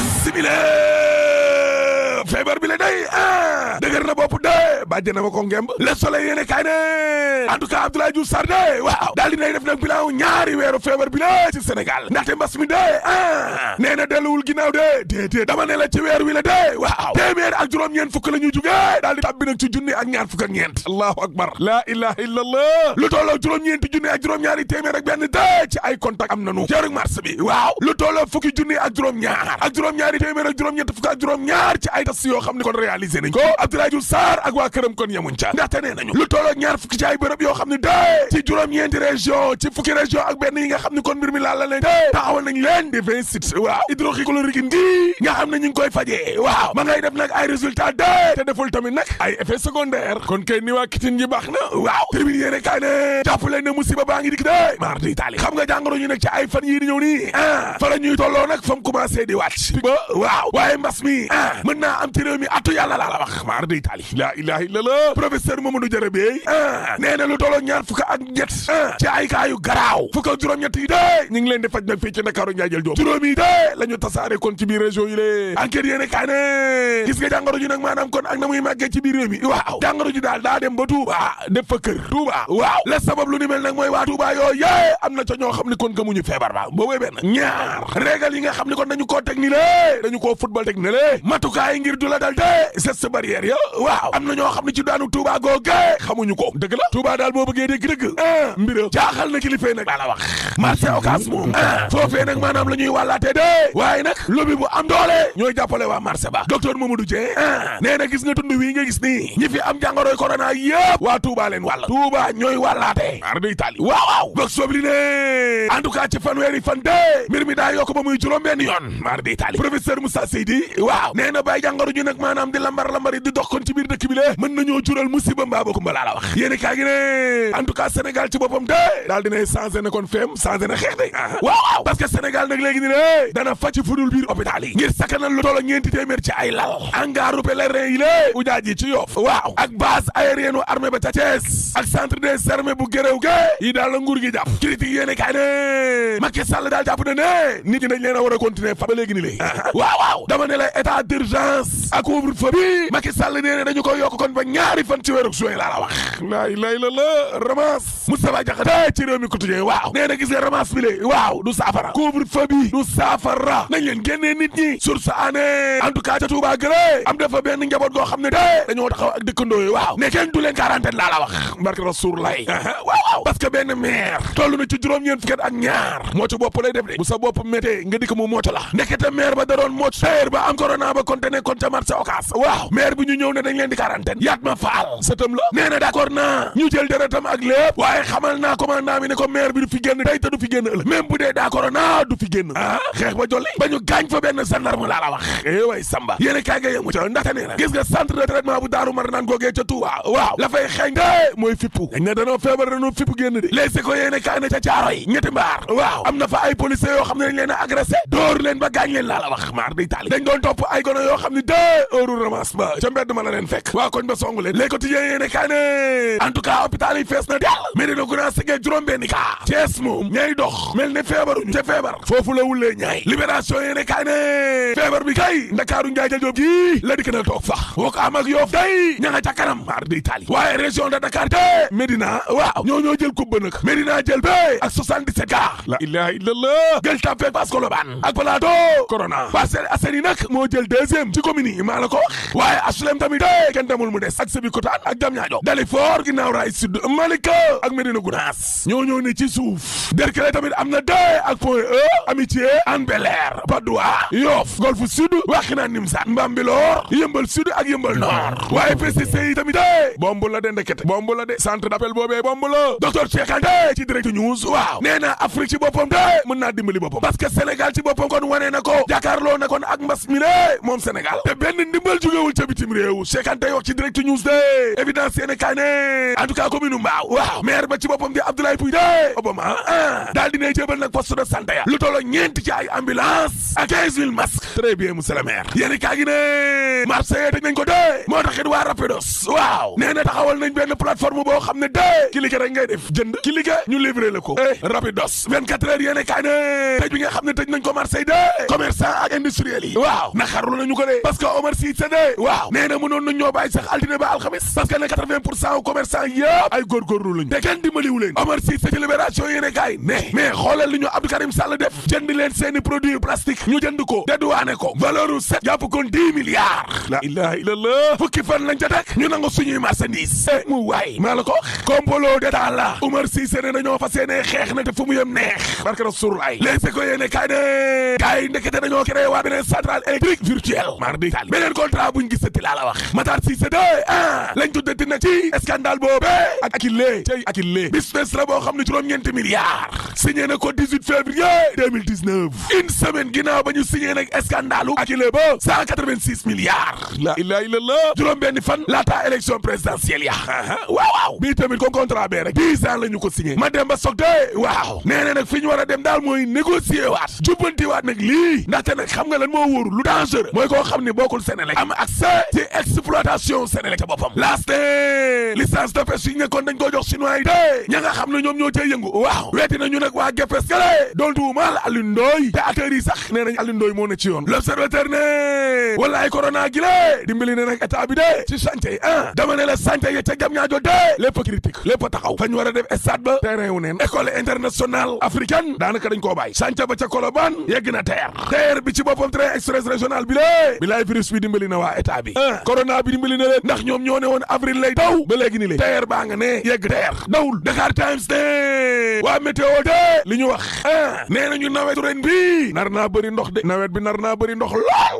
bismillah feebar bi la day ah. dëgër na bopp de bàjje na ma ko ngemb le soleil yéene kaay ne en tout waaw daal dinay def nag bilan ñaari weeru feebar bi la ci Sénégal ndaxte mbas mi de ah nee na delluwul ginnaaw de déedéet dama ne la ci weer wi la waaw téeméer ak juróom-ñeent fukk la ñuy jugee daal di tàbbi nag ci junni ak ñaar fukk ak ñeent allahu akbar laa ilaha illallah lu tolloo juróom-ñeenti junni ak juróom-ñaari téeméer ak benn de ci ay contact am nanu jërëg mars bi waaw lu tolloo fukki junni ak juróom-ñaar ak juróom-ñaari fukk ak ñaar yoo xam ne kon réalisé ca ndaxte nee nañu lu tolloo ñaar fukki ci ay bërëb yoo xam ne dee ci juróom-ñeenti région ci fukki région ak benn yi nga xam ne kon mbir mi la leen dee taxawal nañ leen di vingt six waaw hydroxychloroquine ngii nga xam ne ñu ngi koy fajee waaw ma ngay def nag ay résultat dee te deful tamit nag ay effet secondaire kon kay waa kitin ji baax na waaw tribune yéene kaay ne jàpp leen ne musiba baa ngi dikk dee mar di itali xam nga jàngoro ñu nekk ci ay fan yii di ñëw nii ah fa mi ah mën la wax maar day taali laa ilaha illallah professeur Mamadou Jara Bey ah nee na lu toloo ñaar fukk ak ñett ah ci ay kaayu garaaw fukk ak juróom-ñett yi dee ñu ngi leen di faj nag fii ci Ndakaaru njaajël joob yi dee la ñu tasaare kon ci biir région yi lée enquête gis nga jàngoro ji nag maanaam kon ak na muy màggee ci biir réew waaw jàngoro daal daa ba Touba def kër Touba waaw la sabab lu ni mel nag mooy waa Touba am na ca ñoo xam ni kon gëmuñu feebar ba boobee benn ñaar régal yi nga xam ni kon dañu ya waaw am na ñoo xam ne ci daanu Touba googe xamuñu ko dëgg la Touba daal boo bëggee dégg dëgg ah mbira jaaxal na kilifay nag laa la wax marché ah. foofee nag maanaam la ñuy wàllaatee dee waaye nag lobby bu am doole ñooy jàppale waa marché ba docteur Mamadou Dieng ah nee na gis nga tund wii nga gis nii ñi fi am jàngoroy corona yëpp waa Touba leen wàll Touba ñooy wàllaatee ar day tali waaw waaw bog sobli ne en tout cas ci fanweeri fan de mbir mi daa yokk ba muy juróom benn yoon mar day ñu nag maanaam di lambar lambari di dox kon ci biir dëkk bi lee mën nañoo jural musiba mbaa ba kumba laa la wax yéeni kaa gi ne en tout cas Sénégal ci boppam de daal dinay changé na kon feem changé na xeex de ah, ah. waaw waaw parce que nag léegi ni ne dana faci fudul biir hôpital ngir sakkanal lu toll ñeenti téeméer ci ay lal angaaru pèlerin yi lée ujaaj yi ci Yoff waaw ak base aérienne armée ba ta ak centre des armées bu géréw ke yi daal la nguur gi jàpp critique yéeni kaa ne Macky Sall daal jàpp a a Sall nee na dañu ko yokk kon ba ñaari fan ci weeru juin laa la wax laa lay la la ramas Moustapha Diakhaté ci réew mi waaw nee na ramas bi waaw du saafara couvre-feu bi du saafara nañ leen nit ñi sur sa année en tout cas ca am dafa benn njaboot goo xam ne de dañoo taxaw ak dëkkandoo waaw ne kenn du laa la wax mbarke Rasuul lay waaw waaw parce benn maire toll na ci juróom-ñeent fukki at ak ñaar moo bopp lay def de bu sa bopp méttee nga dikk da doon mooc ba am corona ba konte ñu ñëw ne dañ leen di quarantaine yaat ma faal sëtam la nee na ñu jël deretam ak lépp waaye xamal naa commandant bi ne ko maire bi du fi génn tey te du fi génn ëllëg même bu dee d'accord naa du fi génn ah, xeex ba jolli ba ñu gaañ fa benn gendarme laa la wax eh way a génn de léegi ko yéen a ca caaro yi ñetti mbaar waaw am na fa ay policiers yoo xam ne dañ leen a agressé dóor leen ba gaañ leen laa la wax maar day taali dañ doon topp ay gono yoo xam mbedd ma la leen fekk waa koñ ba songu leen léegi quotidien yéene kaay ne en tout cas hôpital yi fees na dell Médina Gounass Sigué juróom-benn kaa Thiès moom ñay dox mel ne feebaruñu te feebar foofu la wulee ñaay libération yéene kaay feebar bi kay ndakaaru njaay ja jóob gii la dikk na toog sax woo ko am ak yoof day ña nga ca kanam mar di Italie waaye région de Dakar te Médina waaw ñoo ñoo jël coupe ba nag Médina jël bee ak 77 kaa la ilaha illallah gël tapé Fass moo jël deuxième ci commune yi maa la ko wax waaye HLM tamit tey kenn demul mu ak Sébikotane ak Diamniadio Dalifort ginnaaw raay sud Malika ak Médina Gounass ñoo ci suuf Derklé tamit am na tey ak Point E Amitié Hann Bel-Air Patte d'Oie Yoff Golf Sud Wakhinane Nimzatt Bambilor Yeumbeul Sud ak Yeumbeul Nord waaye PCC yi tamit tey bombu la de de centre d'appel boobee bombu la docteur Cheikh ci Direct News waaw nee na Afrique ci boppam tey mën naa dimbali boppam parce que Sénégal ci boppam kon wane ko jàkkaarloo réew sekante wax ci direct news de évidence yéene kaay ne en tout cas commune mbaaw waaw maire ba ci boppam di Abdoulaye Pouy de Obama ah daal dinay jébal nag poste de santé ya lu tollo ñeenti ci ambulance ak 15 000 masques très bien monsieur le maire yéene kaay gi nañ ko dee moo tax waa Rapidos waaw nee taxawal nañ benn plateforme boo xam ne dee cliquer rek def jënd cliquer ñu livrer la ko eh, Rapidos 24 heures yéene kaay ne bi nga xam ne tëj nee na mënoon nañ ñoo bàyyi sax altine ba alxamis parce que ne 80 pour cent commerçant yëpp ay góorgóorlu te kenn dimbaliwu leen Omar Cissé ci libération yéene ne mais xoolal li ñu Abdou Karim def jënd leen seeni produit plastique ñu jënd ko dédouané ko valeur u sept kon 10 milliards la ilaha illallah fukki fan lañ ca teg ñu nangu suñuy marchandise eh mu waay maa la ko wax complot d'état Omar Cissé ne dañoo fas yéene xeex na te fu mu yem neex barke la wax Matar Cissé de ah lañ tuddati na ci scandale boobe ak akillee tey akillee business la boo xam ne juróom-ñeenti milliards signé na ko 18 février 2019 une semaine ginnaaw ba ñu signé nag scandale akillee ba 186 milliards la juróom benn fan laata élection présidentielle ya waaw waaw bii tamit ko contrat bee rek 10 ko signé ma dem ba waaw nee na nag fi a dem daal mooy négocier waat jubbanti waat nag lii ndaxte nag xam nga exploitation Senelec ca boppam last licence de pêche yi nekkoon dañ koo jox chinois yi de ña nga xam ne ñoom ñoo cay yëngu waaw weeti nañu nag waa GEPES kale doon tuumaal Alioune te acteurs sax nee nañ moo ne ci yoon l'observateur ne wala ay gi lé dimbali ne nag état bi de ci chantier yi ah dama ne la chantier ya ca jam ñaajo de lépp critique lépp taxaw fañ war a def stade ba terrain wu neen école internationale africaine daanaka dañ koo bàyyi ba ca Colobane yegg na bi dimbali na leen ndax ñoom ñoo ne woon avril lay taw ba léegi ni lay teer baa nga ne yegg teer dawul Dakar Times ne waa météo de li ñu wax ah nee nañu nawetu ren bi nar naa bëri ndox de nawet bi nar naa bëri ndox lool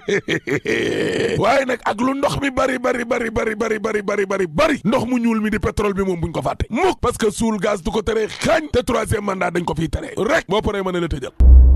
waaye nag ak lu ndox mi bari bari bari bari bari bari bari bari bari ndox mu ñuul mi di pétrole bi moom buñ ko fàtte mukk parce que suul gaz du ko tere xañ te troisième mandat dañ ko fii tere rek boo paree mën a la tëjal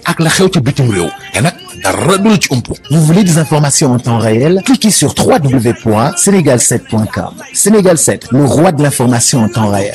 ak la xew ci bitim réew te nag dara du la Vous voulez des informations en temps réel? Cliquez sur www.senegal7.com. Sénégal 7, le roi de l'information en temps réel.